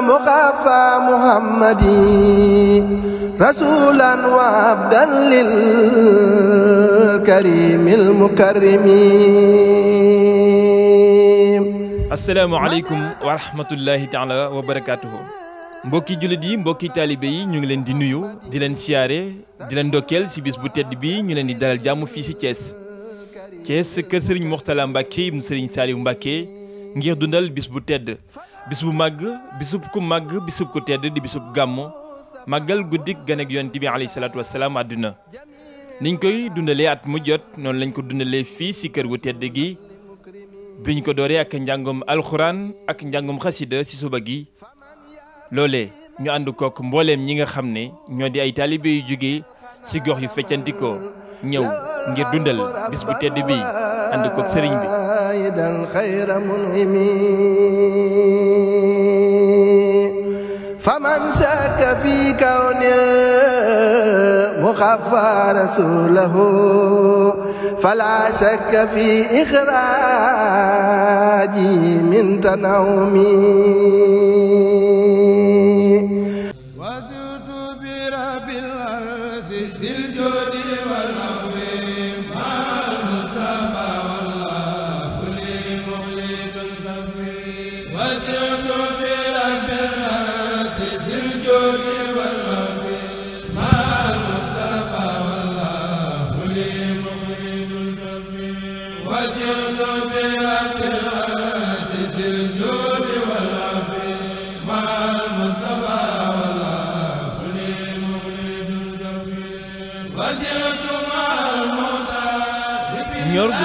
مخافى محمدي رسولا وعبدا للكريم المكرم asalaamaaleykum wa rahmatullahi taala wa barakaatuhu mbokki jullit yi mbokki taalibe yi ñu ngi leen di nuyu di leen siyaare di leen ndokkeel ci bis bu tedd bi ñu leen di dalal jàmm fii ci Thiès Thiès kër Serigne Mourtala Mbacke ibn Serigne Saliou Mbacke ngir dundal bis bu tedd bis bu màgg bisub ku màgg bisub ku tedd di bisub gàmmu màggal guddik ganek yonent bi alayhi salaatu wasalaam àdduna niñ koy dundalee at mu jot noonu lañ ko dundalee fii si kër gu tedd gi biñ ko dooree ak njàngum alxuraan ak njàngum xasida si suba gi loolee ñu ànd kook mbooleem ñi nga xam ne ñoo di ay taalibe yu jóge si gox yu feccantikoo ñëw ngir dundal bis bu tedd bi ànd kook sëriñ bi زائدا خير منعم فمن شك في كون المخفى رسوله فلا شك في إخراجي من تنعمي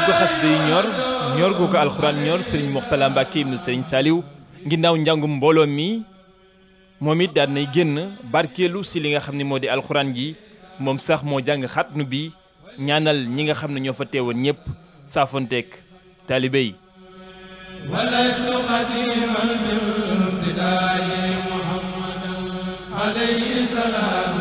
ko xasida yi ñor ñor gu ko alxuraan ñor Serigne Mourtala Mbacke ibnu Serigne Saliou ginnaaw njàngum mbooloo mi moom it daan nay génn barkeelu ci li nga xam ni moo di alxuraan ji moom sax moo jàng xatnu bi ñaanal ñi nga xam ne ñoo fa teewoon ñëpp saafonteeg taalibe yi. alayhi salaam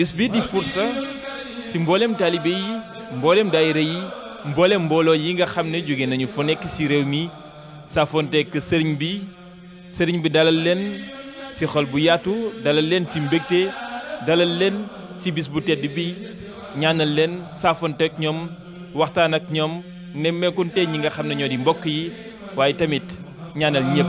bis bi di fursa si mbooleem taalibe yi mbooleem daayira yi mbooleem mbooloo yi nga xam ne jóge nañu fu nekk si réew mi saafonteek sëriñ bi sëriñ bi dalal leen si xol bu yaatu dalal leen si mbégte dalal leen si bis bu tedd bi ñaanal leen saafonteek ñoom waxtaan ak ñoom nemmeekunte ñi nga xam ne ñoo di mbokk yi waaye tamit ñaanal ñépp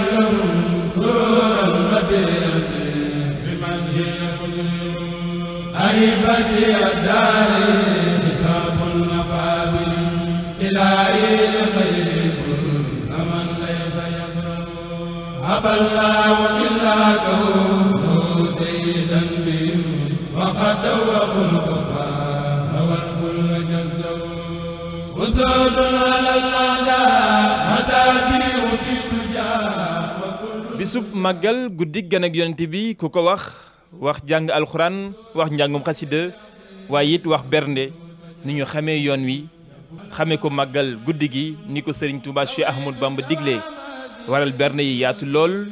bisub màggal guddi gan ak yonent bi ku ko wax wax jàng alxuraan wax njàngum xasida waaye it wax bernde ni ñu xamee yoon wi xamee ko màggal guddi gi ni ko sëriñ Touba Cheikh Ahmadou Bamba diglee waral bernde yi yaatu lool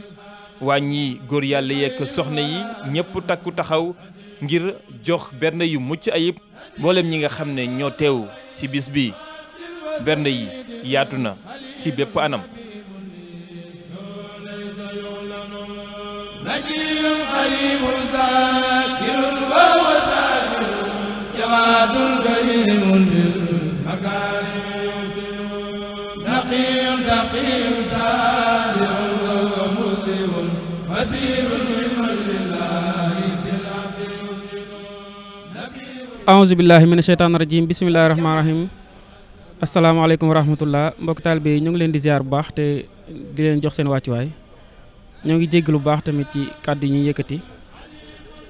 wàññi góor yàlla ko soxna yi ñëpp takku taxaw ngir jox bernde yu mucc ayib mboolem ñi nga xam ne ñoo teew ci bis bi bernde yi yaatu na ci bépp anam aouzu billahi mina sheytaan rajim bisimilahi rahmaan rahim asalaamaaleykum wa rahmatullah mbokk taalibe yi ñu ngi leen di ziar bu baax te di leen jox seen wàccuwaay ñoo ngi jégg lu baax tamit ci kàddu yi ñuy yëkkati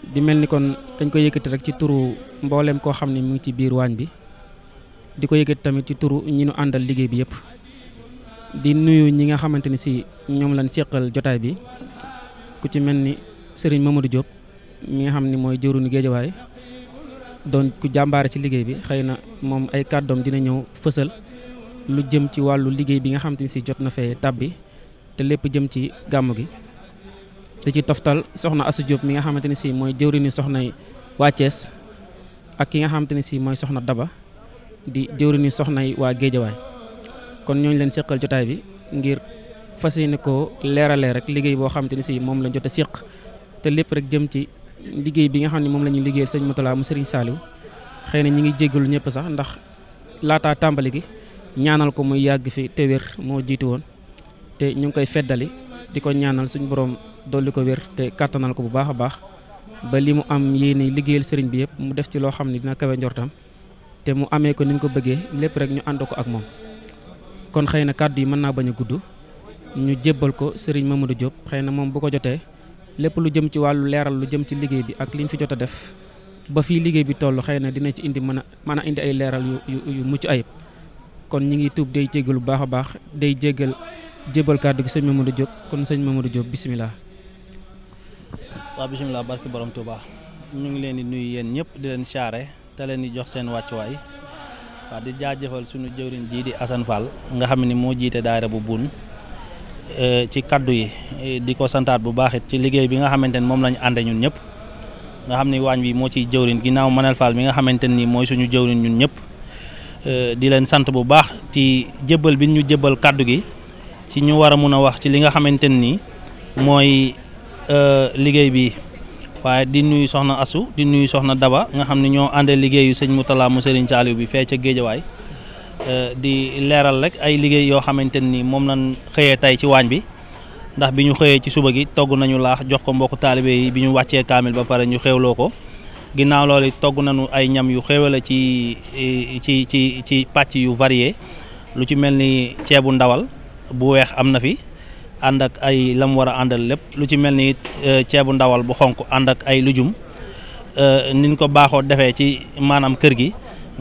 di mel ni kon dañ ko yëkkati rek ci turu mbooleem koo xam ne mu ngi ci biir waañ bi di ko yëkkati tamit ci turu ñi nu àndal liggéey bi yëpp di nuyu ñi nga xamante ni si ñoom lañ seqal jotaay bi ku ci mel ni sëriñ Serigne di Diop mi nga xam ni mooy jëruñu géejawaay doon ku jàmbaare ci liggéey bi xëy na moom ay kàddoom dina ñëw fësal lu jëm ci wàllu liggéey bi nga xamante ni si jot na fee tàbbi te lépp jëm ci gàmmu gi di ci toftal soxna Asu Diop mi nga xamante ne sii mooy jëwriñu soxna yi waa Thiès ak ki nga xamante ne sii mooy soxna Daba di jëwriñu soxna yi waa Géejawaay kon ñooñu leen seqal jotaay bi ngir fas ni koo leeralee rek liggéey boo xamante ne sii moom lañ jot a seq te lépp rek jëm ci liggéey bi nga xam ne moom la ñuy liggéeyal sëñ Moutala mu Serigne Saliou xëy na ñi ngi jéggalu ñëpp sax ndax laataa tàmbali gi ñaanal ko muy yàgg fi te moo jiitu woon te ñu ngi koy feddali di ko ñaanal suñu borom dolli ko wér te kattanal ko bu baax a baax ba li mu am yéene liggéeyal sëriñ bi yëpp mu def ci loo xam ne dina kawe njortam te mu amee ko ni mu ko bëggee lépp rek ñu ànd ko ak moom. kon xëy na kàddu yi mën naa bañ a gudd ñu jébbal ko sëriñ ma Mamadou Diop xëy na moom bu ko jotee lépp lu jëm ci wàllu leeral lu jëm ci liggéey bi ak liñ fi jot a def ba fii liggéey bi toll xëy na dina ci indi mën a mën a indi ay leeral yu yu mucc ayib ñu ngi day jéggal bu baax a baax day jéggal jébbal kàddu gi sëñ Mamadou Diop kon sëñ Mamadou Diop bisimilah. waaw bisimilah barki borom Touba ñu ngi leen di nuyu yéen ñëpp di leen siyaare te leen di jox seen wàccuwaay waaw di jaajëfal suñu jëwriñ jii di Assane Fall nga xam ne moo jiite daayira bu buun eh, ci kaddu yi eh, di ko santaat bu baax it ci liggéey bi nga xamante ne moom lañu ànde ñëpp nga xam ne waañ wi moo ciy jëwriñ ginnaaw Manel Fall mi nga xamante ni mooy suñu jëwriñ ñun ñëpp eh, di ñu jébbal kaddu gi ci ñu war a mun a wax ci li nga xamante nii mooy euh, liggéey bi waaye di nuyu soxna Asu di nuyu soxna Daba nga xam ne ñoo àndee liggéeyu sëñ Moutala mu Serigne Saliou bi fee ca Géejawaay euh, di leeral rek ay liggéey yoo xamante nii moom lañ xëyee tey ci waañ bi ndax bi ñu xëyee ci suba gi togg nañu laax jox ko mbokku taalibe bi ñu wàccee kaamil ba pare ñu xéwloo ko ginnaaw loolu togg nañu ay ñam yu xéwale ci eh, ci ci ci pàcc yu varié lu ci mel ni ceebu ndawal. bu weex am na fi ànd ak ay lam war a àndal lépp lu ci mel ni euh, ceebu ndawal bu xonk ànd ak ay lujum euh, niñ ko baaxoo defee ci maanaam kër gi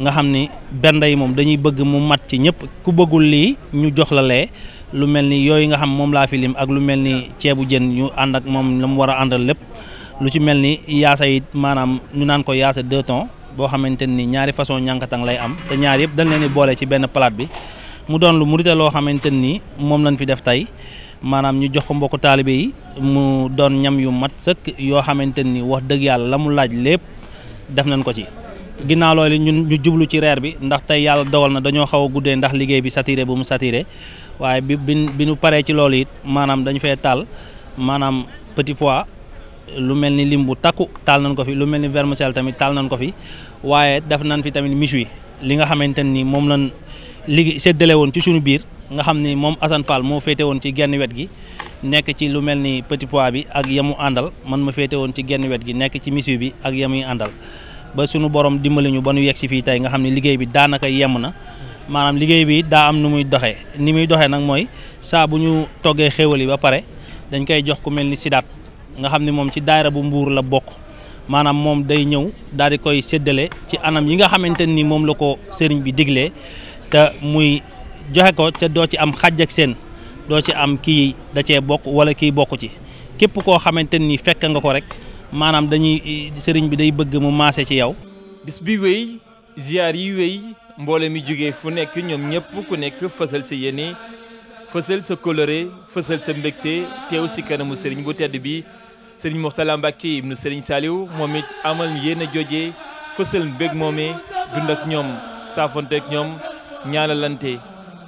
nga xam ni bernde yi moom dañuy bëgg mu mat ci ñëpp ku bëggul lii ñu jox la lee lu mel ni yooyu nga xam moom laa fi lim ak lu mel ni ceebu jën ñu ànd ak moom la mu war a àndal lépp lu ci mel ni yaasa it maanaam ñu naan ko yaasa de tons boo xamante ni ñaari façon ñànkatang lay am te ñaar yëpp dañ leen di boole ci benn palaat bi mu doon lu mu rite loo xamante nii moom lañ fi def tey maanaam ñu jox ko mbokku taalibe yi mu doon ñam yu mat sëkk yoo xamante ni wax dëgg yàlla la mu laaj lépp def nañ ko ci. ginnaaw loolu ñun ñu jublu ci reer bi ndax tey yàlla dogal na dañoo xaw a guddee ndax liggéey bi satiré bu mu satiré waaye bi bi ñu paree ci loolu it maanaam dañu fee taal maanaam petit pois lu mel ni lim bu takku taal nañ ko fi lu mel ni vermicelle tamit taal nañ ko fi waaye liggéey séddale ci suñu biir nga xam ni moom Assane Fall moo féete woon ci genn wet gi nekk ci lu mel ni petit pois bi ak yamu àndal man ma féete woon ci genn wet gi nekk ci missive bi ak yamuy àndal ba suñu borom dimbali ñu ba ñu yegg si fii tey nga xam ni liggéey bi daanaka yemm na maanaam liggéey bi daa am nu muy doxee ni muy doxee nag mooy saa bu ñu toggee xéwal yi ba pare dañ koy jox ku mel ni sidaat nga xam ni moom ci daayira bu mbuur la bokk maanaam moom day ñëw daal di koy séddale ci anam yi nga xamante ni moom la ko sëriñ bi diglee te muy joxe ko ca doo ci am xàjj ak seen doo ci am kii da cee bokk wala kii bokk ci képp koo xamante ni fekk nga ko rek maanaam dañuy sëriñ bi day bëgg mu maase ci yow. bis bi wéy ziar yi wéy mboole mi jóge fu nekk ñoom ñëpp ku nekk fësal sa yéene fësal sa coloré fësal sa mbégte teew si kanamu sëriñ bu tedd bi sëriñ Mourtala Mbacke ibnu sëriñ Saliou moom it amal yéen a jojee fësal mbég moomee dund ak ñoom saafonte ak ñoom. ñaanalante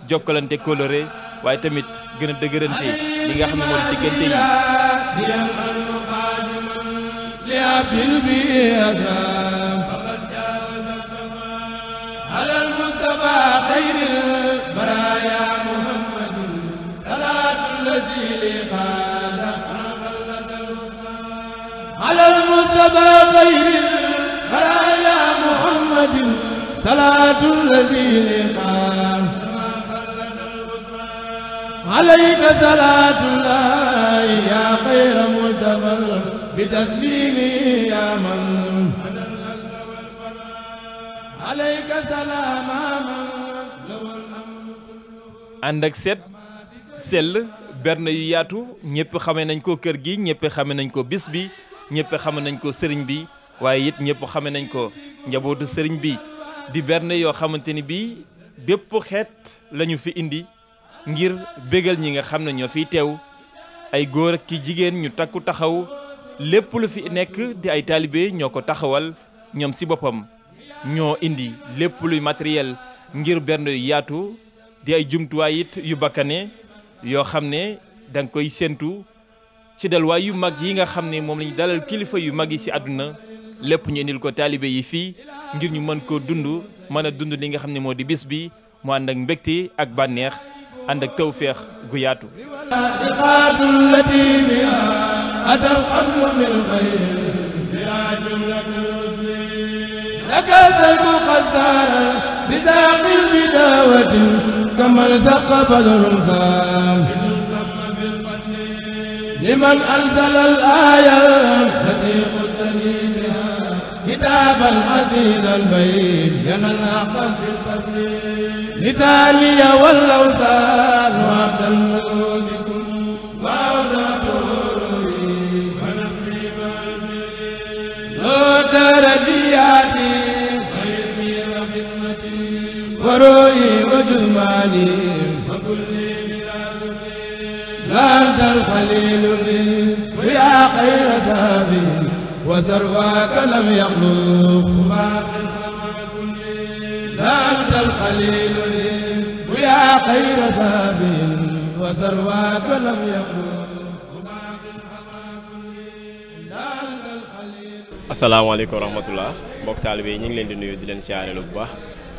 jokkalante kóllëre waaye tamit gën a dëgërante li nga xam ne moo di diggante yi على المصطفى خير البرايا محمد صلاة الذي ak set sell berne yu yaatu ñëpp xame nañ ko kër gi ñëpp xame nañ ko bis bi ñëpp xame nañ ko sëriñ bi waaye it ñëpp xame nañ ko njabootu sëriñ bi di berne yoo xamante ni bii bépp xeet lañu fi indi ngir bégal ñi nga xam ne ñoo fiy teew ay góor ak ki jigéen ñu takku taxaw lépp lu fi nekk di ay taalibe ñoo ko taxawal ñoom ci boppam ñoo indi lépp luy matériel ngir berne yu yaatu di ay jumtuwaay it yu bakkane yoo xam ne danga koy séentu ci dalwaay yu mag yi nga xam ne moom lañu dalal kilifa yu mag yi ci àdduna lépp ñu indil ko taalibe yi fii ngir ñu mën koo dund mën a dund li nga xam ne moo di bis bi mu ànd ak mbégte ak bànneex ànd ak tawféex gu yaatu لمن أنزل الآية التي قلت لي كتاب العزيز البين ينال قلب الفضل مثالي والأوثان وعبد الملوككم وعبد طوري ونفسي بالبين نور ربياتي وعلمي وخدمتي ورؤي وجمالي وكل بلازمي لا أنت الخليل لي ويا خير ذهبي وثرواك لم يخلق ما في السماء كله wa rahmatulah mbokk taalibe yi ñu ngi leen di nuyu di leen siyaare lu bu baax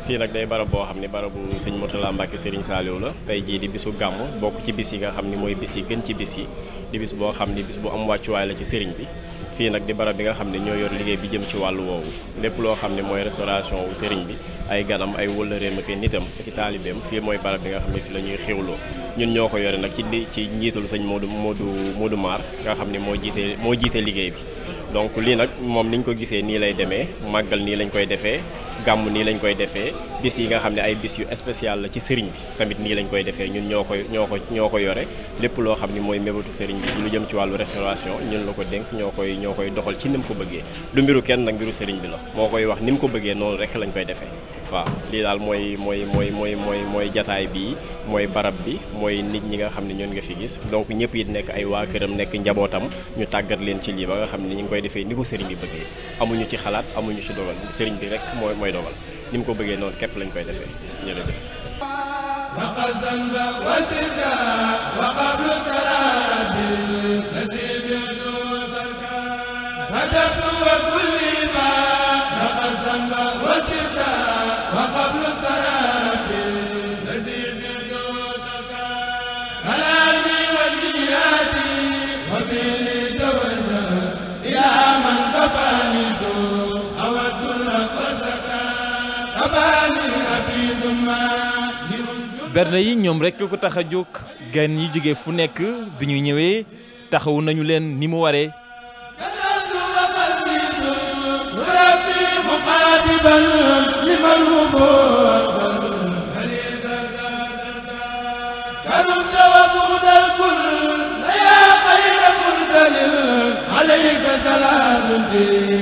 fii nag day barab boo xam ne barabu sëñ Mourtala Mbacke Serigne Saliou la tey jii di bisu gàmm bokk ci bis yi nga xam ne mooy bis yi gën ci bis yi di bis boo xam ne bis bu am wàccuwaay la ci sëriñ bi fii nag di barab bi nga xam ne ñoo yor liggéey bi jëm ci wàllu woowu lépp loo xam ne mooy restauration wu sëriñ bi ay ganam ay wëllëreem ak nitam ki taalibeem fii mooy barab bi nga xam ne fi la ñuy xewloo ñun ñoo ko yore nag ci ci njiitul sëñ Modou moo Modou maar nga xam ne moo jiite moo jiite liggéey bi donc lii nag moom ñu ko gisee nii lay demee màggal nii lañ koy defee gàmm nii lañ koy defee bis yi nga xam ne ay bis yu spécial la ci sëriñ bi tamit nii lañ koy defee ñun ñoo koy ñoo ko ñoo ko yore lépp loo xam ne mooy mébatu sëriñ bi lu jëm ci wàllu restauration ñun la ko dénk ñoo koy ñoo koy doxal ci ni mu ko bëggee lu mbiru kenn nag mbiru sëriñ bi la moo koy wax ni mu ko bëggee noonu rek lañ koy defee waaw lii daal mooy mooy mooy mooy mooy mooy jataay bii mooy barab bi mooy nit ñi nga xam ne ñoon nga fi gis donc ñëpp yi nekk ay waa këram nekk njabootam ñu tàggat leen ci lii ba nga xam ne ñu ngi koy defee ni ko sëriñ bi bëggee amuñu ci xalaat amuñu ci dogal sëriñ bi rek mooy mooy dogal ni mu ko bëggee noonu képp lañ koy defee jërëjëf وكل ما لقد berne yi ñoom rek ko tax a jóg gan yi jóge fu nekk bi ñu ñëwee taxawu nañu leen ni mu waree salaam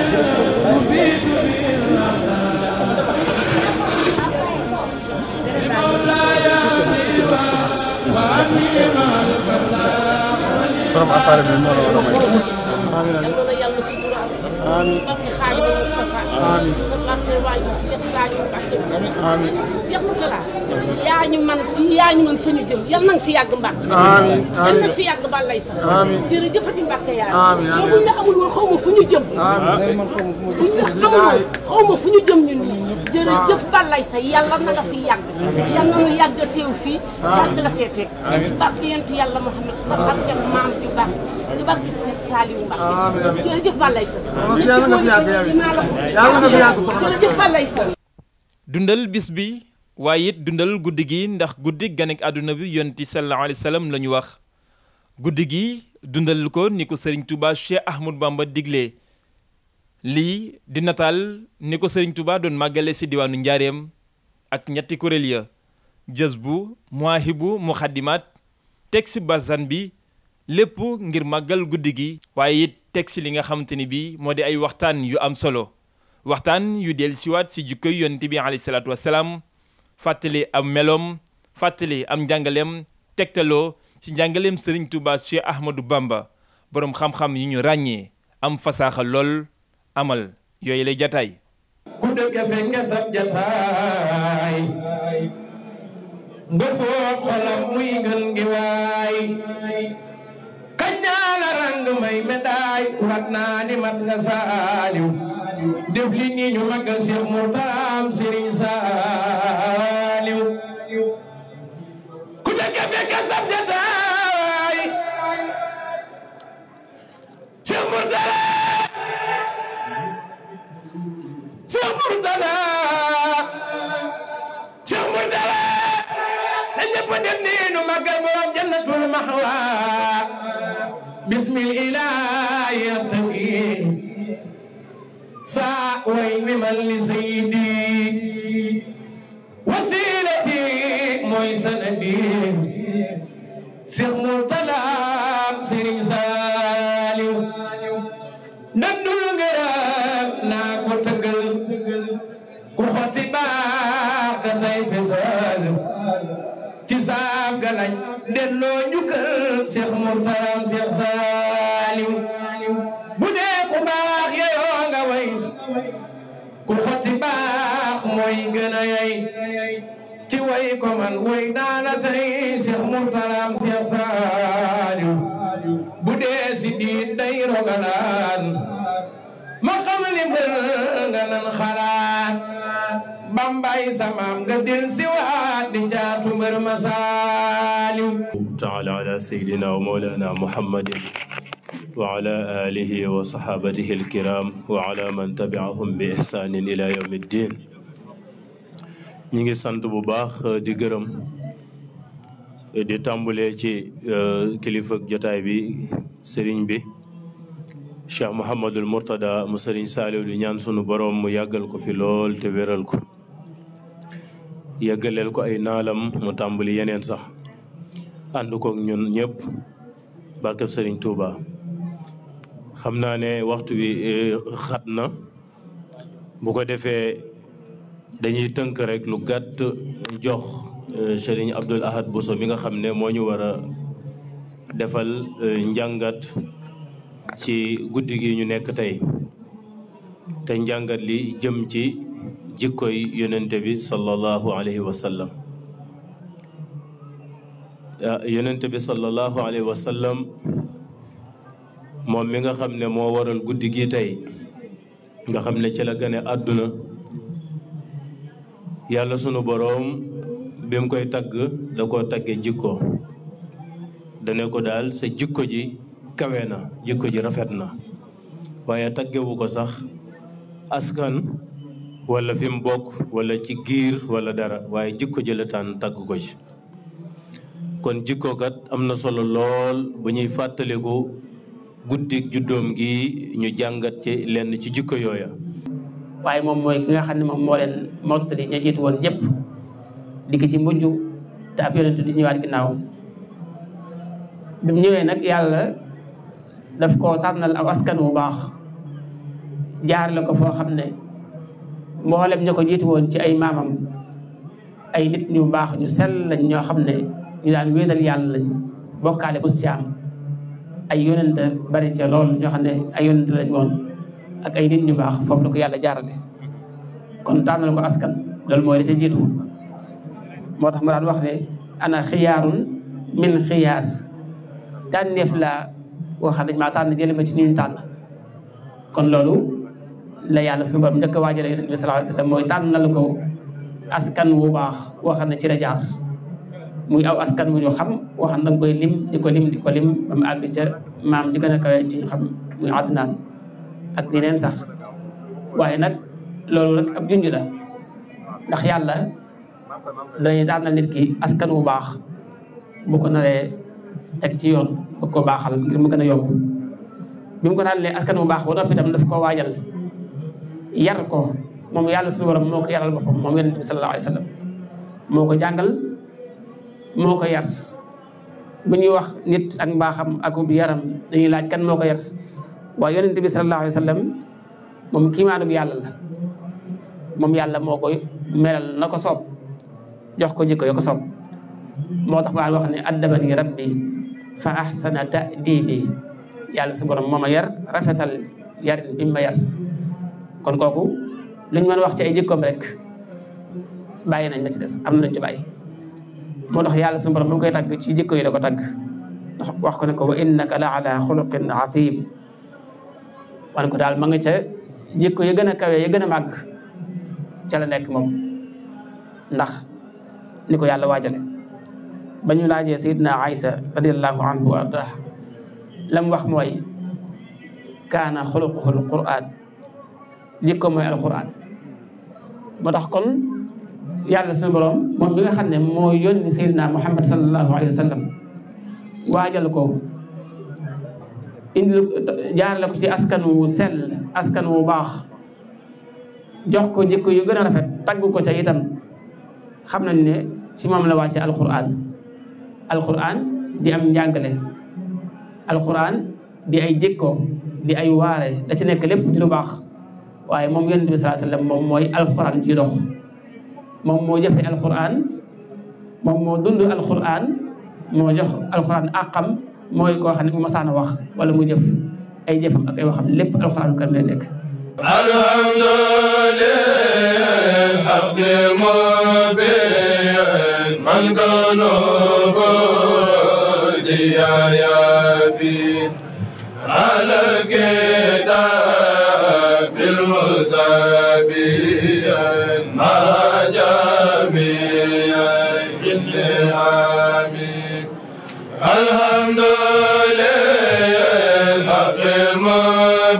borom appareil bi moo la war a may amiin amiin yàlla na yàlla suturaal. amiin barke Xaadimu Mustafa. amiin sa barke waajur Cheikh Sadio Mbacke. amiin Cheikh Moutala. yaa ñu man fii yaa ñu man fa ñu jëm yal na nga fi yàgg Mbacke. amiin amiin yal na nga fi yàgg Balla Issa. amiin jërëjëfati Mbacke yaa. amiin amiin yow buñ la amul woon xaw ma fu ñu jëm. amiin man xaw ma fu ñu jëm buñ la amul woon xaw ma fu ñu jëm ñun ñii. jërëjëf Balla Issa yàlla na nga fi yàgg. yal na nu yàgg teew fii. yàgg la fee fekk. barke yentu yàlla Muhammad sa barke maam di baax di baax bi Cheikh Saliou Mbacke amiin amiin jërëjëf dundal bis bi waaye it dundal guddi gi ndax guddi ganek àdduna bi yonti sallallahu alayhi wa sallam wax guddi gi dundal ko ni ko Serigne Touba Cheikh Ahmadou Bamba digle lii di nataal ni ko Serigne Touba doon màggale si diwaanu Njaareem ak ñetti kuréel ya jazbu muwaahibu muxaddimaat teg si basan bi lépp ngir màggal guddi gi waaye it teg si li nga xamante ni bii moo di ay waxtaan yu am solo waxtaan yu del siwaat si jikkoy yonent bi alayhi salaatu wasalaam fàttali am meloom fàttali am njàngaleem tegtaloo ci njàngaleem sëriñ Touba Cheikh Ahmadou Bamba boroom xam-xam yi ñu ràññee am fasaaxa lool amal yooyu lay jataay ku dëkk fekk sab jataay nga foo xolam muy ngën ngi waay bañ naa la rang may médaay wat naa ni mat nga saaliw def li nii ñu màggal Cheikh Saaliw ku dëkk fekk sab jataay Cheikh Moutara Cheikh Moutara Cheikh Moutara بسم الإله يرتقي ساء وين من لسيدي وسيلتي موي سندي شيخ مرتلى سيرين ساليو نندل غرام ناكو تقل كوخوتي باخ تاي فسال تساب غلاج دلو نيوكل شيخ مرتلى ko man woy naa la tey Cheikh Mourtalaam Cheikh Saaliw bu dee si diit day rogalaan ma xam li mbër nga nan xalaat bambay samaam nga dil siwaat di jaatu mbër ma saaliw taala ala sayyidina wa mawlana muhammadin wa ala alihi wa sahabatihi alkiram wa ala man tabi'ahum bi ihsanin ila yawmi ddin ñi ngi sant bu baax euh, di gërëm euh, di tàmbulee ci euh, kilifa jotaay bi sëriñ bi cheikh mouhamadul mourtada mu sëriñ saaliw di ñaan sunu boroom mu yàggal ko fi lool te wéral ko yàggaleel ko ay naalam mu tàmbali yeneen sax ànd kook ñun ñëpp barkeb sëriñ Touba xam naa ne waxtu wi xatna bu ko defee dañuy tënk rek lu gàtt jox euh, Serigne Abdoul Ahad Bousso mi nga xam ne moo ñu war a defal euh, njàngat ci guddi gi ñu nekk tey njàngat li jëm ci jikkoy yonente bi sallallahu alayhi wa sallam ah, yonente bi sallallahu alayhi wa sallam moom mi nga xam ne moo waral guddi gi tey nga xam ne ci la gane àdduna yàlla sunu borom bi mu koy tagg da ko tagge jikko dane ko daal sa jikko ji kawe na jikko ji rafet na waaye taggewu ko sax askan wala fi mu bokk wala ci giir wala dara waaye jikko ji la tànn tagg ko ci kon jikkookat am na solo lool bu ñuy fàttaliku guddik juddoom gi ñu jàngat ci lenn ci jikko yooya waaye moom mooy ki nga xam ne moom moo leen mottali ña jiitu woon ñëpp di ci mujj te ab di ñëwaat ginnaaw bi mu ñëwee nag yàlla daf koo tànnal aw askan wu baax jaar ko foo xam ne mboolem ña ko jiitu woon ci ay maamam ay nit ñu baax ñu sell lañ ñoo xam ne ñu daan wéetal yàlla lañ bokkaale bu siyaam ay yonent bari ca lool ñoo xam ne ay yonent lañ woon ak ay nit ñu baax foofu la ko yàlla jaarale kon tànnal ko loolu mooy li jiitu moo tax ma daan wax ne ana xiyaarun min xiyaar tànneef laa wax nañ maa tànn jëlee ma ci ñu tànn kon loolu la yàlla suñu borom mooy tànnal ko askan wu baax wax na ci la jaar muy aw askan wu ñu xam wax na koy lim di ko lim di ko lim ba mu maam di gën kawe ci ñu xam muy Adnaan ak yeneen sax waaye nag loolu rek ab junj la ndax yàlla dañuy tànnal nit ki askan wu baax bu ko naree teg ci yoon bu ko baaxal ngir mu gën a yomb bi mu ko tànnalee askan wu baax ba noppi itam daf koo waajal yar ko moom yàlla suñu borom yaral boppam moom yonent bi sallallahu alayhi wa moo ko jàngal moo ko yar bu ñuy wax nit ak mbaaxam ak yaram dañuy laaj kan moo ko yar waaye yonent bi sallallahu alayhi wa sallam moom kiimaanub yàlla la moom yàlla moo koy melal na ko soob jox ko jikko ya ko soob moo tax ba wax ne addabani rabbi fa ahsana ta'dibi yàlla su borom moom ma yar rafetal yarin bi ma yar kon kooku luñ mën a wax ci ay jikkoom rek bàyyi nañ la ci des am na luñ ci bàyyi moo tax yàlla suñu borom mu koy tàgg ci jikko yi da ko tàgg ndax wax ko ne ko wa innaka la ala xuluqin azim wan ko daal ma nga ca jikko ya gën a kawe ya gën a màgg la nekk moom ndax ni ko yàlla waajale ba ñu laajee sayidna Aysa radiallahu anhu wa ardah lam wax mooy kaana xuluquhul quraan jikko mooy alquraan moo tax kon yàlla suñu borom moom nga xam ne moo yónni sayidna Muhammad sallallahu alayhi waajal ko indi jaarale ko ci askan wu sell askan wu baax jox ko jikko yu gën a rafet tagg ko ca itam xam nañ ne ci moom la wàcce alquran alquran di am njàngale alquran di ay jikko di ay waare da ci nekk lépp di lu baax waaye moom yonent bi sallallahu alayhi moom mooy al ci dox moom moo jëfe alquran moom moo dund alquran moo jox alquran àqam mooy koo xam ne bu wax wala mu jëf ay jëfam ak ay waxam lépp alxuraanu karim lay nekk alhamdu lil haqqil mubin man kanu hudiya ya bi ala kitabil musabiyan ma jami'in amin alhamdu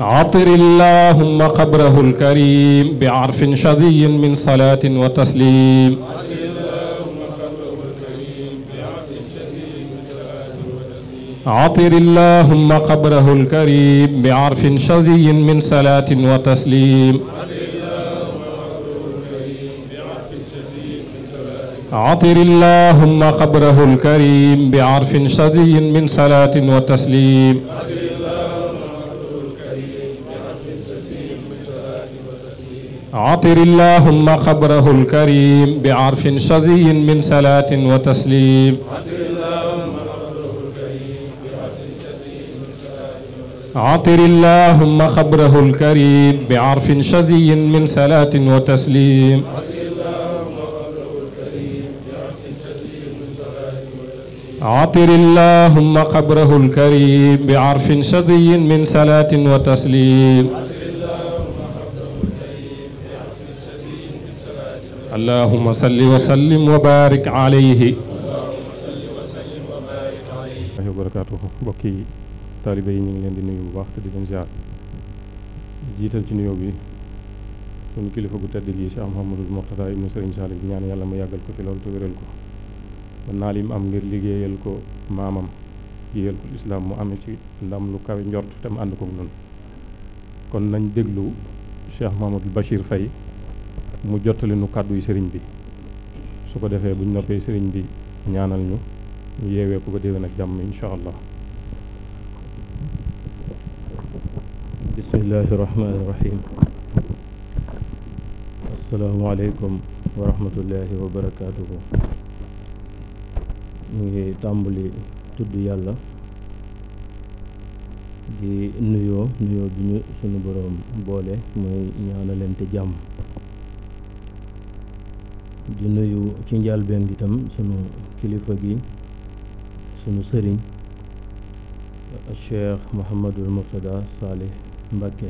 عطر اللهم قبره الكريم بعرف شظي من صلاة وتسليم عطر اللهم قبره الكريم بعرف شظي من صلاة وتسليم عطر اللهم قبره الكريم بعرف شظي من صلاة وتسليم عطر عطر اللهم قبره الكريم بعرف شزي من صلاة وتسليم عطر اللهم قبره الكريم بعرف شزي من صلاة وتسليم عطر اللهم قبره الكريم بعرف شزي من صلاة وتسليم allahuma salli wa sallim wa barik alayhi wa barakaatuhu mbokk yi taalibe yi ñu ngi leen di nuyu bu baax te di leen ziar jiital ci nuyoo bi suñu kilifa gu tedd gi Cheikh Mouhamadul Mourtada ibnu Serigne Saliou ñaan yàlla mu yàggal ko fi loolu te wéral ko ba naa lim am ngir liggéeyal ko maamam liggéeyal ko lislaam mu amee ci ndam lu kawe njort te mu ànd ko noonu kon nañ déglu Cheikh Mouhamadul Bachir Faye mu jottali nu kàddu yi sëriñ bi su ko defee buñ noppee sëriñ bi ñaanal ñu ñu yeewee ko ba déwén ak jàmm incha allah bismillahi rahmaani rahim assalaamu aleykum wa rahmatullahi mu ngi tàmbali tudd yàlla di nuyoo nuyoo bi ñu sunu boroom boole mooy ñaanalante jàmm di nuyu ci njëlbéen gi tam sunu kilifa gi sunu sëriñ Cheikh Mouhamadul Mourtada Salih Mbacké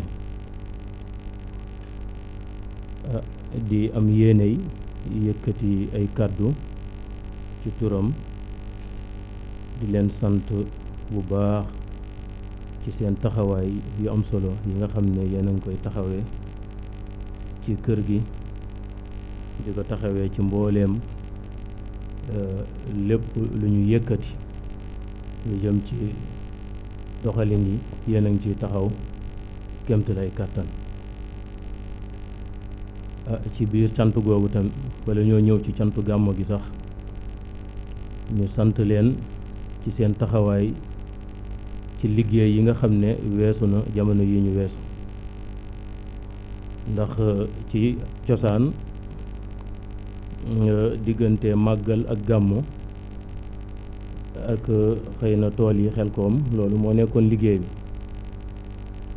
di am yéeney yëkkati ay kàddu ci turam di leen sant bu baax ci seen taxawaay yu am solo yi nga xam ne yéen a koy taxawee ci kër gi di ko taxawee ci mbooleem euh, lépp lu ñu yëkkati lu jëm ci doxalin yi yéen a ngi ciy taxaw kemt lay kàttan ah, ci biir cant googu tam wala ñoo ñëw ci cantu gàmmu gi sax ñu sant leen ci seen taxawaay ci liggéey yi nga xam ne weesu na jamono yi ñu weesu ndax ci cosaan diggante màggal ak gàmmu ak euh, xëy na tool yi Xelkom loolu moo nekkoon liggéey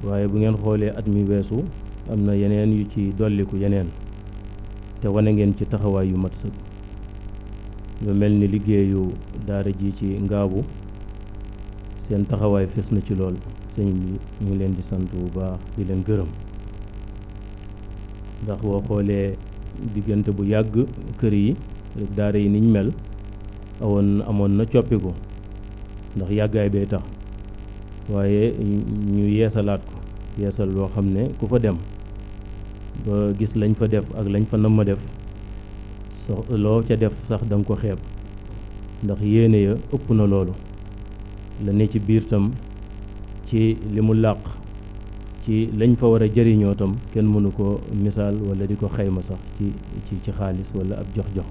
waaye bu ngeen xoolee at mi weesu am na yeneen yu ci dolliku yeneen te wane ngeen ci taxawaay yu mat sëg lu mel ni liggéeyu daara ji ci ngaawu seen taxawaay fes na ci lool sëñ bi ñu ngi leen di sant bu baax di leen gërëm ndax boo xoolee diggante bu yàgg kër yi daara yi niñ mel awoon amoon na coppiku ndax yàggaay bee tax waaye ñu yeesalaat ko yeesal loo xam ne ku fa dem ba gis lañ fa def ak lañ fa nam ma def so loo ca def sax da ko xeeb ndax yéene ya ëpp na loolu la ne ci biir tam ci li mu làq ci lañ fa war a jëriñoo tam kenn mënu ko misaal wala di ko xayma sax ci ci ci xaalis walla ab jox-jox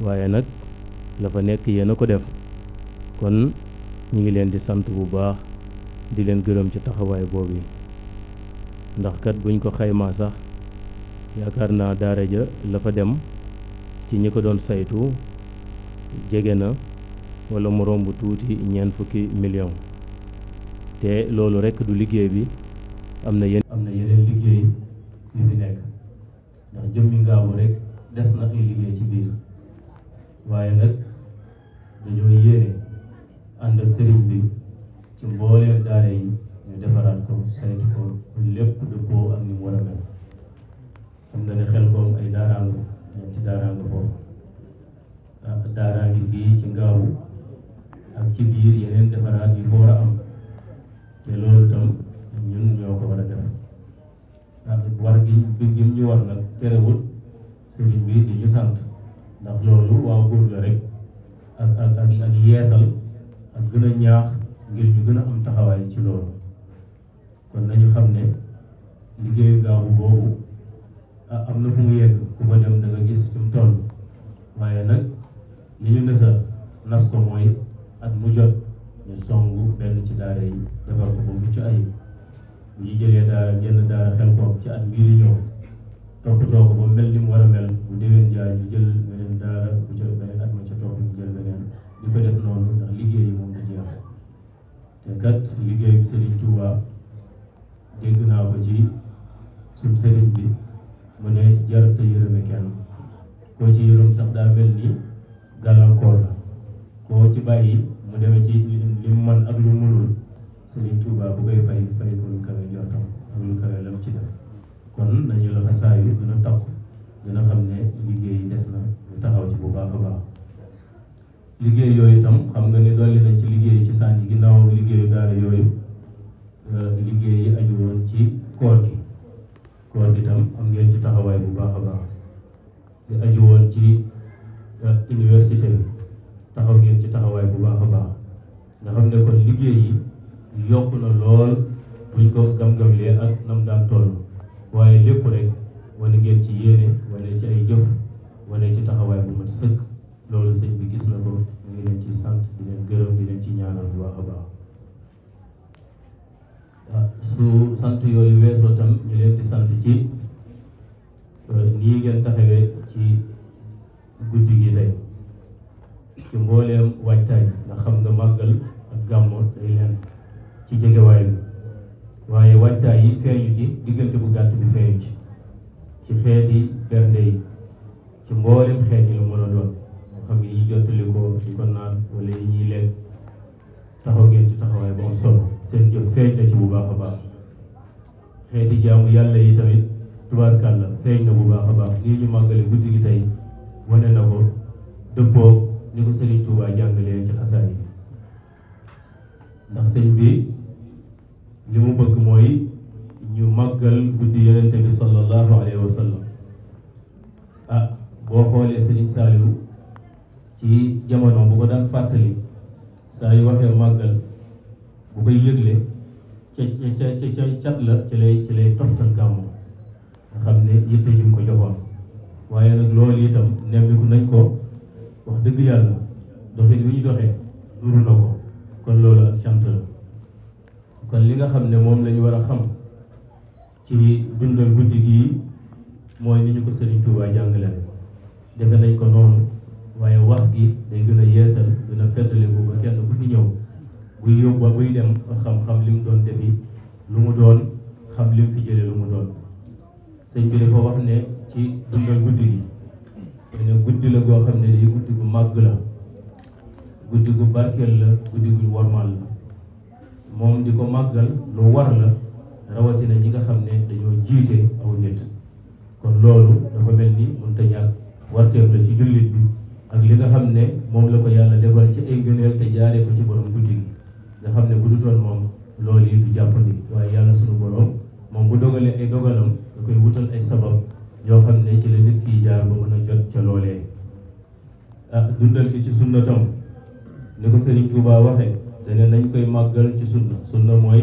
waaye nag la fa nekk yéen a ko def kon ñu ngi leen di sant bu baax di leen gërëm ci taxawaay boobu ndax kat buñ ko xaymaa sax yaakaar naa daara ja la fa dem ci ñi ko doon saytu jege na wala moroom bu tuuti ñeent fukki million te loolu rekk du liggéey bi am na yeneen am na yeneen liggéey yu fi nekk ndax jëmmi ngaabu rek des na ay liggéey ci biir waaye nag dañoo yéene ànd ak sëriñ bi ci mbooleem daara ñu defaraat ko saytu ko lépp dëppoo ak ni war a mel xam nga ne xel koom ay daaraangu ñoom ci daaraangu foofu ah, daaraangi fii ci ngaabu ak ci biir yeneen defaraat yu foor a am te loolu tam ñun ñoo ko war a def ndax war gi gi ñu war nag terewul sëriñ bi di ñu sant ndax loolu waaw góor rek ak ak ak ak yeesal ak gën a ñaax ngir ñu gën a am taxawaay ci loolu kon nañu xam ne liggéeyu gaawu boobu ah, am na fu mu yegg ku fa dem da gis fi mu waaye nag li ñu nësa nas ko mooy at mu jot ñu songu benn ci daara yi defar ko ba mucc ayib ñu jëlee daara génn daara xel koom ci at bii di ñëw toppatoo ko ba mel ni mu war a mel bu déwén jaay ñu jël beneen daara bu jël beneen topp jël beneen di ko def noonu ndax liggéey yi moom du jeex te kat liggéeyu Serigne Touba dégg naa ko ci suñ Serigne bi mu ne jarut a yërëme kenn koo ci yërëm sax daa mel ni gàllankoor la koo ci bàyyi mu demee ci li mu mën ak lu mu Serigne Touba bu koy fay fay ko lu kawe jortam ak lu ci def kon nañu la xasaayu gën a takku gën a xam ne liggéey des na ñu taxaw bu baax a baax liggéey yooyu tam xam nga ne dolli nañ ci liggéey ci sànni yi ginnaaw liggéeyu daara yooyu euh, liggéey yi aju ci koor gi koor gi itam ci taxawaay bu baax a baax ci euh, université taxaw ngeen ci taxawaay bu baax a baax nga xam ne kon liggéey yokk na lool buñ ko gam-gamlee ak nam daan toll waaye lépp rek wane ngeen ci yéene wane ci ay jëf wane ci taxawaay bu mat sëkk loolu sëñ bi gis na ko ñu ngi leen ci sant di leen gërëm ci ñaanal bu baax ah, sant yooyu weesoo tam ñu leen di sant ci euh, nii ngeen taxawee ci guddi gi tey ci mbooleem waajtaay ndax xam nga màggal ak gàmmoo day leen ci jegewaay bi waaye waajtaay yi feeñu ci diggante bu gàtt bi feeñu ci ci xeeti bernde yi ci mboolem xeet yi lu mën a doon moo xam ne ñuy jottali ko di ko naan wala yi lekk taxawaay bu am solo seen jëf feeñ na ci bu baax a baax xeeti jaamu yàlla yi tamit tubaarkàlla feeñ na bu baax a baax lii ñu màggale guddi gi tey wane na ko dëppoo ni ko Serigne Touba jàngalee ci xasaay yi ndax sëñ bi li mu bëgg mooy ñu màggal guddi yonente bi sallallahu alayhi wa ah boo xoolee Serigne Saliou ci jamono bu ko daan fàttali saa yu waxee màggal bu koy yëgle ca ca ca ca cat la ci lay ci lay toftal gàmmu nga xam ne yitte ji mu waaye nag loolu itam nemmiku nañ ko wax dëgg yàlla doxin wi ñu doxee nuru na ko kon loolu ak cant la kon li nga xam ne moom lañu war a xam ci dundal guddi gi mooy ni ñu ko Serigne Touba jàngale defe nañ ko noonu waaye wax gi day gën a yeesal gën a feddali ko ba kenn ku fi ñëw buy yóbbu buy dem xam-xam li doon defi lu mu doon xam li mu fi jële lu mu doon sëñ bi dafa wax ne ci dundal guddi gi ne guddi la goo xam ne day guddi gu màgg la guddi gu barkeel la guddi gu warmal la moom di ko màggal lu war la rawatina ñi nga xam ne dañoo jiite aw nit kon loolu dafa mel ni mënta ñàkk warteef la ci jullit bi ak li nga xam ne moom la ko yàlla defal ci ay ngëneel te jaaree ko ci borom guddi nga xam ne bu dutoon moom loolu yi jàpp bi waaye yàlla sunu borom moom bu dogalee ay dogalam da koy wutal ay sabab yoo xam ne ci la nit kiy jaar ba mën a jot ca loolee ah dundal gi ci sunnatam ni ko Sëriñ Tuubaa waxee te ne nañ koy màggal ci sunna sunna mooy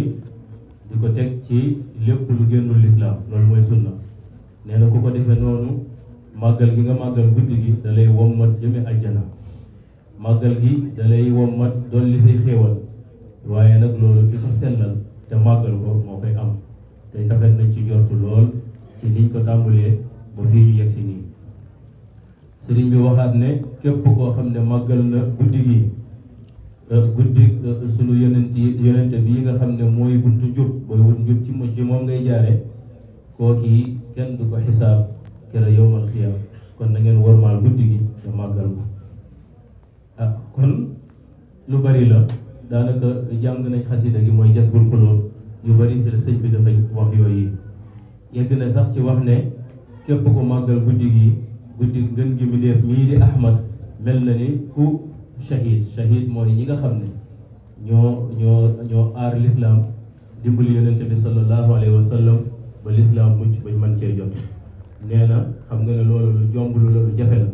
di ko teg ci lépp lu génnul lislaam loolu mooy sunna nee na ku ko defe noonu màggal gi nga màggal guddi gi da lay wommat jëme ajjana màggal gi da lay wommat doon li say xéewal waaye nag loolu ki ko sellal te màggal ko moo koy am te tafet nañ ci jortu lool ci niñ ko tàmbalee ba fii ñu yegg si nii sëriñ bi waxaat ne képp koo xam ne màggal na guddi gi Euh, guddi euh, sunu yonent yonente bii nga xam ne mooy buntu njub booy wut njub ci mo ci moom ngay jaare kookii kenn du ko xisaab kera yowmal xiyaam kon na ngeen warmaal guddi gi te màggal ko ah, kon lu bari la daanaka jàng nañ xasida gi mooy jasbul xulóob yu bari si la sëñ bi dafay wax yooyu yegg na sax ci wax ne képp ko màggal guddi gi guddi ngën gi mii di ahmad mel na ni ku shahid shahid mooy ñi nga xam ne ñoo ñoo ñoo aar lislaam dimbali yonente bi sallallahu alayhi wa sallam ba lislaam mucc bañ mën cee jot nee na xam nga ne loolu lu jomb lu loolu jafe la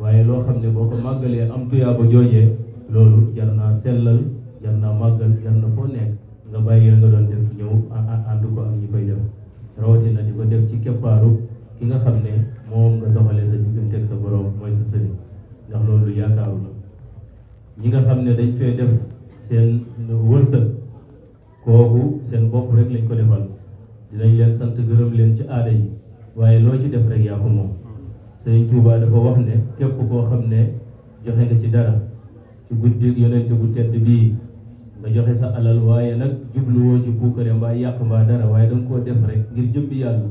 waaye loo xam ne boo ko màggalee am tuyaaba joojee loolu jar naa sellal jar naa màggal jar na foo nekk nga bàyyi nga doon def ñëw ànd ko ak ñi koy def rawatina di ko def ci keppaaru ki nga xam ne moom nga doxalee sa diggante ak sa borom mooy sa sëriñ ndax loolu yaakaaru la ñi nga xam ne dañ fee def seen wërsëg kooku seen bopp rek lañ ko defal dinañ leen sant gërëm leen ci aada yi waaye loo ci def rek yaa ko moom Sëriñ Tuubaa dafa wax ne képp koo xam ne joxe nga ci dara ci guddi yonent bu tedd bii nga joxe sa alal waaye nag jubluwoo ci puukare mbaa yàq mbaa dara waaye danga koo def rek ngir jëm yàlla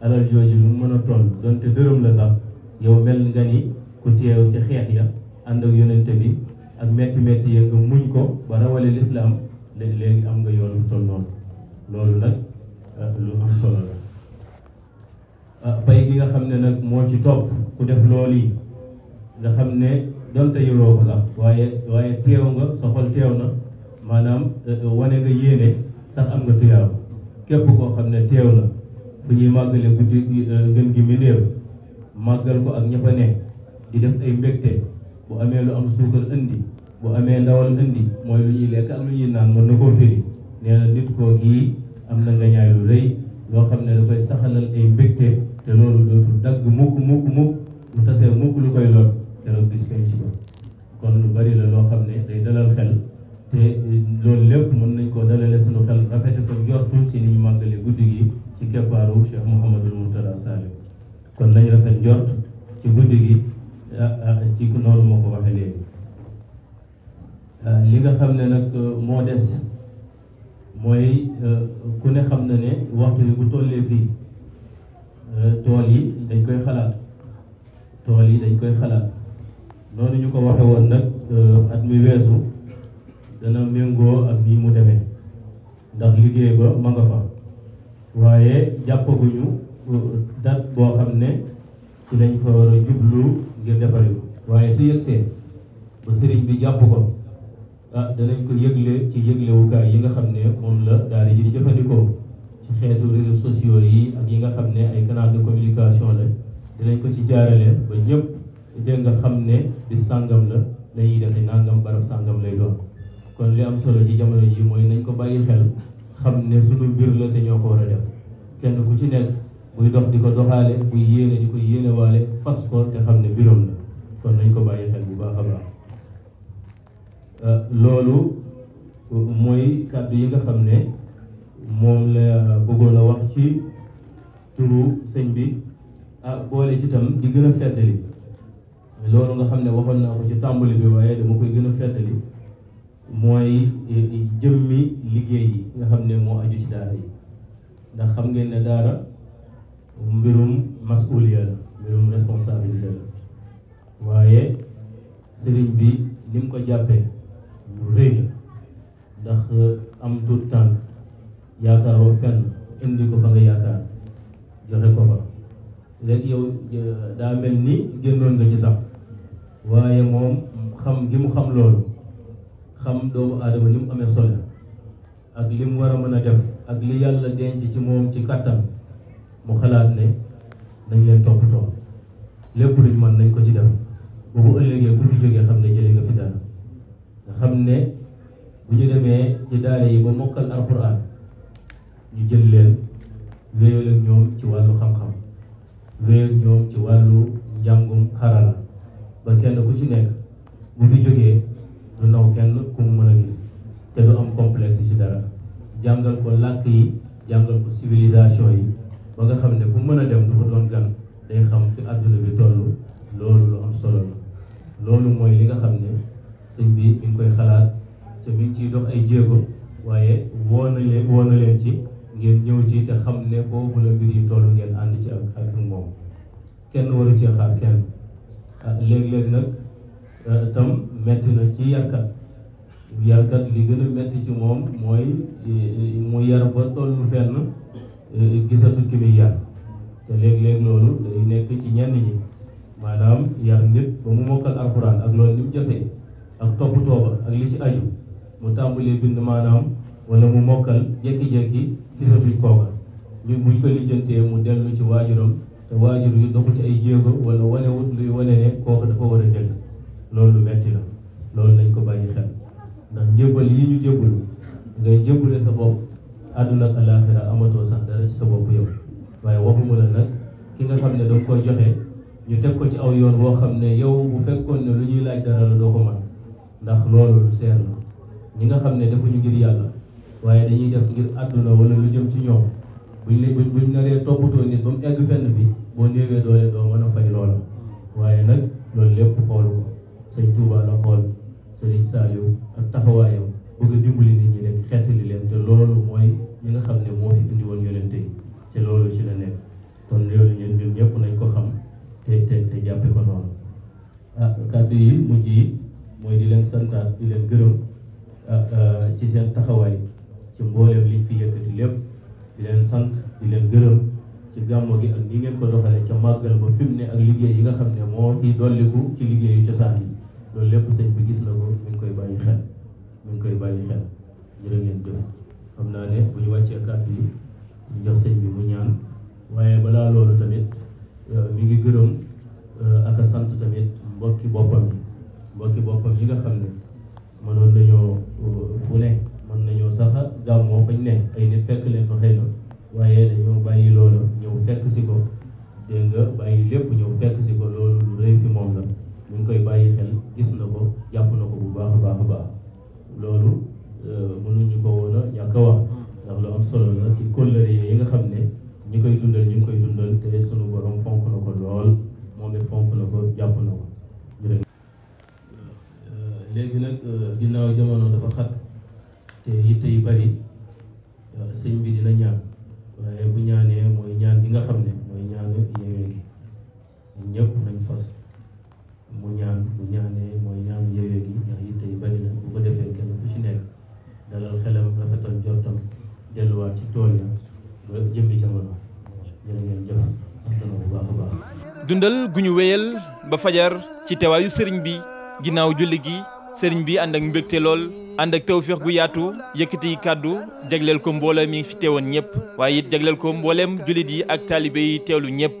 alal jooju lu mën a toll donte dërëm la sax yow mel nga ni ku teew ci xeex ya ànd ak yonent bi ak métti métti ya nga muñ ko ba rawale lislaam léegi am nga yoon bu toll loolu nag ah, lu am solo la bay ah, gi nga xam ne nag moo ci topp ku def loolu yi nga xam ne donte yoroo ko sax waaye waaye teew nga soxal xol teew na maanaam eh, wane nga yéene sax am nga tuyaab képp koo xam ne teew na fu ñuy màggale guddi eh, gën gi mu néew màggal ko ak ña fa ne di def ay mbégte bu amee lu am suukar indi bu amee ndawal indi mooy lu ñuy lekk ak lu ñuy naan mën na koo firi nee na nit koo gii am na nga ñaay lu rëy loo xam ne da koy saxalal ay mbégte te loolu dootul dagg mukk mukk mukk lu tasee mukk lu koy lor te loolu gis kon lu bari la loo xam ne day dalal xel te loolu lépp mën nañ koo dalale suñu xel rafete ko jot si ni ñu màggale guddi gi ci keppaaru Cheikh Mouhamadul Mourtada Saliou kon nañ rafet njort ci guddi gi Ah, ah, ci loolu moo ko waxee léegi ah, li nga xam ne nag euh, moo des mooy euh, ku ne xam na ne waxtu yi bu tollee fii euh, tool yi dañ koy xalaat tool yi dañ koy xalaat noonu ñu ko waxe woon nag at mi weesu dana méngoo ak nii mu demee ndax liggéey ba ma nga fa waaye jàppaguñu dat boo xam ne ci lañ fa war a jublu ngir defare ko waaye su yëgsee ba sëriñ bi jàpp ko ah danañ ko yëgle ci yëglewukaay yi nga xam ne moom la daara ji di jëfandikoo ci xeetu réseaux sociaux yi ak yi nga xam ne ay canal de communication la danañ ko ci jaarale ba ñëpp dégg nga xam ne di sàngam la lañuy def nangam barab sàngam lay doon kon li am solo ci jamono ji mooy nañ ko bàyyi xel xam ne suñu mbir la te ñoo ko war a def kenn ku ci nekk muy dox di ko doxaale muy yéene di ko yéenewaale fas ko te xam ne biroom la kon nañ ko bàyyi xel bu baax a baax euh, loolu mooy kàddu yi nga xam ne moom la bëggoon a wax ci turu sëñ bi ah boole ci tam di gën a feddali loolu nga xam ne waxoon naa ko ci tàmbali bi waaye dama koy gën a feddali mooy e, e, jëmmi liggéey yi nga xam ne moo aju ci daara yi ndax xam ngeen ne daara mbirum masuliya la mbirum responsabilité la waaye sëriñ bi ni mu ko jàppee lu rëy la ndax euh, am tuut tànk yaakaaroo fenn indi ko fa nga yaakaar joxe ko fa léegi yow euh, daa mel ni génnoon nga ci sax waaye moom xam li mu xam loolu xam doomu aadama ni mu amee solo ak li mu war a mën a def ak li yàlla denc ci moom ci kàttan mu xalaat ne dañ leen toppatoo lépp luñ mën nañ ko ci def bu bu ëllëgee ku fi jógee xam ne jëlee nga fi dara nga xam ne bu ñu demee ci yi ba mokkal alxuraan ñu jël leen wéyal ak ñoom ci wàllu xam-xam wéyal ak ñoom ci wàllu njàngum xarala ba kenn ku ci nekk bu fi jógee du naw kenn ku mu mën a gis te du am complexe ci dara jàngal ko làkk yi jàngal ko civilisation yi ba nga xam ne fu mën a dem du fa doon gan tey xam fi àdduna bi toll loolu lu am solo la loolu mooy li nga xam ne sëñ bi mi koy xalaat te mi ngi ciy dox ay jéego waaye woo na ci ngeen ñëw ci te xam ne foofu la mbir yi ngeen ànd ci ak ak moom kenn waru cee xaar kenn ah, léeg-léeg nag ah, tam metti na ci yarkat yarkat li gën a metti ci moom mooy eh, eh, mu yar ba tollu fenn Euh, gisatul ki muy yar te léeg-léeg loolu day nekk ci ñenn ñi maanaam yar nit ba mu mokkal alxuraan ak loolu li mu jafee ak toppatoo ba ak li ci aju mu tàmbalee bind maanaam wala mu mokkal jékki-jékki gisatuñ kooka ñu buñ ko lijjantee mu dellu ci waajuram te waajur yi doxu ci ay jéego wala wanewut luy wane ne kooka dafa war a delsi loolu lu metti la loolu lañ ko bàyyi xel ndax njëbbal yi ñu jëbbalu ngay jëbbale sa bopp àdduna ak alaaxira amatoo sax dara ci sa bopp yow waaye waxuma la nag ki nga xam ne danga koy joxe ñu teg ko ci aw yoon woo xam ne yow bu fekkoon ne lu ñuy laaj dara la doo ko mën ndax loolu lu seer la ñi nga xam ne defuñu ngir yàlla waaye dañuy def ngir àdduna wala lu jëm ci ñoom buñ ne buñ naree toppatoo nit ba mu egg fenn fi boo néewee doole doo mën a fay loola waaye nag loolu lépp xoolu ko sëñ Tuuba la xool sëriñ Saliou ak taxawaayam bëgg a dimbali nit ñi rek xettali leen mi nga xam ne moo fi indi woon yonente yi ci loolu ci la nekk kon loolu ñun ñun ñëpp nañ ko xam te te te jàppe ko noonu ah kàddu yi mujj yi mooy di leen santaat di leen gërëm ah, ah, ci seen taxawaay ci mbooleem liñ fi yëkkati lépp sant di leen gërëm ci gàmmo gi ak nii ngeen ko doxalee ca màggal ba fi mu ak liggéey yi nga xam ne moo fi dolliku ci liggéeyu cosaan yi loolu lépp sëñ bi gis na ko mi koy bàyyi xel mi koy bàyyi xel jërë leen jëf xam naa ne bu ñu wàccee kàddu yi ñu jox bi mu ñaan waaye balaa loolu tamit euh, mi ngi gërëm euh, ak sant tamit mbokki boppam yi mbokki boppam yi nga xam ne mënoon nañoo euh, fu ne mën nañoo sax gàmm moo fañ ne ay nit fekk leen fa xëy waaye dañoo bàyyi loolu ñëw fekk si ko dégg nga bàyyi lépp ñëw fekk si ko loolu lu rëy fi moom la ñu ngi koy bàyyi xel gis na ko jàpp na ko bu baax a baax a baax loolu Euh, mënuñu ko woon a ñàkk a wax mm. lu am solo la ci kóllëre yi nga xam ne ñi koy dundal ñu koy dundal te sunu borom fonk na ko lool moom it fonk na ko jàpp na ko nag euh, ginnaaw jamono dafa xat te yu bari euh, sëñ bi dina ñaan waaye bu ñaanee mooy ñaan bi nga xam ne mooy ñaanu yewee gi ñëpp nañ ñaan mooy ñaanu yewee gi ndax yitte yu bari na defee kenn ku ci nekk tool dundal gu ñu wéyal ba fajar ci teewaayu sëriñ bi ginnaaw julli gi sëriñ bi ànd ak mbégte lool ànd ak tawféex gu yaatu yëkkati kàddu jagleel ko mboolem mi fi teewoon ñëpp waaye it jagleel ko mbooleem jullit yi ak taalibe yi teewlu ñëpp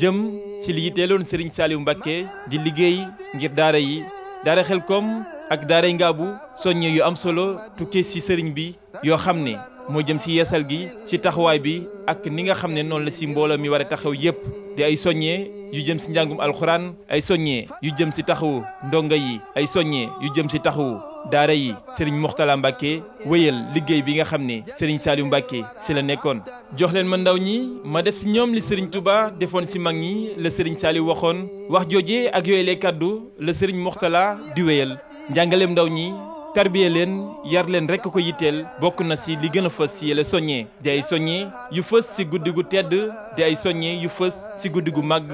jëm ci li yitteeloon sëriñ Saliou Mbacké di liggéey ngir daara yi daara Xelcom ak daaray Ngaabu soññe yu am solo tukkee ci sëriñ bi yoo xam ne moo jëm ci yeesal gi ci taxawaay bi ak ni nga xam ne noonu la ci mbooloo mi war a taxaw yépp di ay soññee yu jëm ci njàngum alxuraan ay soññee yu jëm ci taxawu ndonga yi ay soññee yu jëm ci taxawu daara yi sëriñ Moxtala Mbàkke wéyal liggéey bi nga xam ne sëriñ Saaliu Mbàkke ci la nekkoon jox leen ma ndaw ñi ma def ci ñoom li sëriñ Touba defoon ci mag ñi la sëriñ Saaliu waxoon wax joojee ak yooyu lay kàddu la sëriñ Moxtala di wéyal njàngaleem ndaw ñi tarbiye leen yar leen a ko yitteel bokk na si li gën a fës ci yële soññee di ay soññee yu fës ci guddi gu tedd di ay soññee yu fës ci guddi gu màgg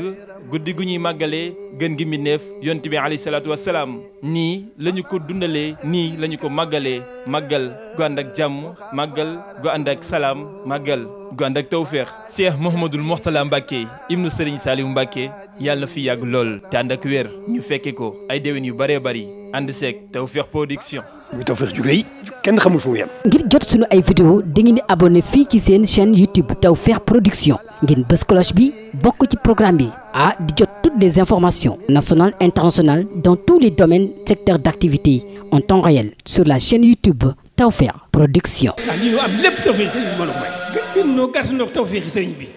guddi gu ñuy màggalee gën gi mbindéef yonent bi alayhi salaatu wassalaam nii la ñu ko dundalee nii la ñu ko màggalee maggal gu ànd ak jàmm màggal gu ànd ak salaam màggal gu ànd ak tawféex Cheikh Mouhamadul Mourtala Mbacke ibnu Serigne Saliou Mbacke yàlla na fi yàgg lool te ànd ak wér ñu fekke ko ay déwén yu bëree bëri ànd seek Tawfekh Production. muy Tawfekh ju rëy kenn xamul fa mu yem. ngir jot sunu ay vidéo dangeen di abonné fii ci seen chaîne YouTube Tawfekh Production ngeen bës cloche bi bokk ci programme bi. ah di jot toutes les informations nationales internationales dans tous les domaines secteurs d'activité en temps réel sur la chaîne YouTube Tawfekh Production. ah lii am lépp tawfeer ci sëriñ bi mbooloo mooy gën gën noo gàtt noo tawfeer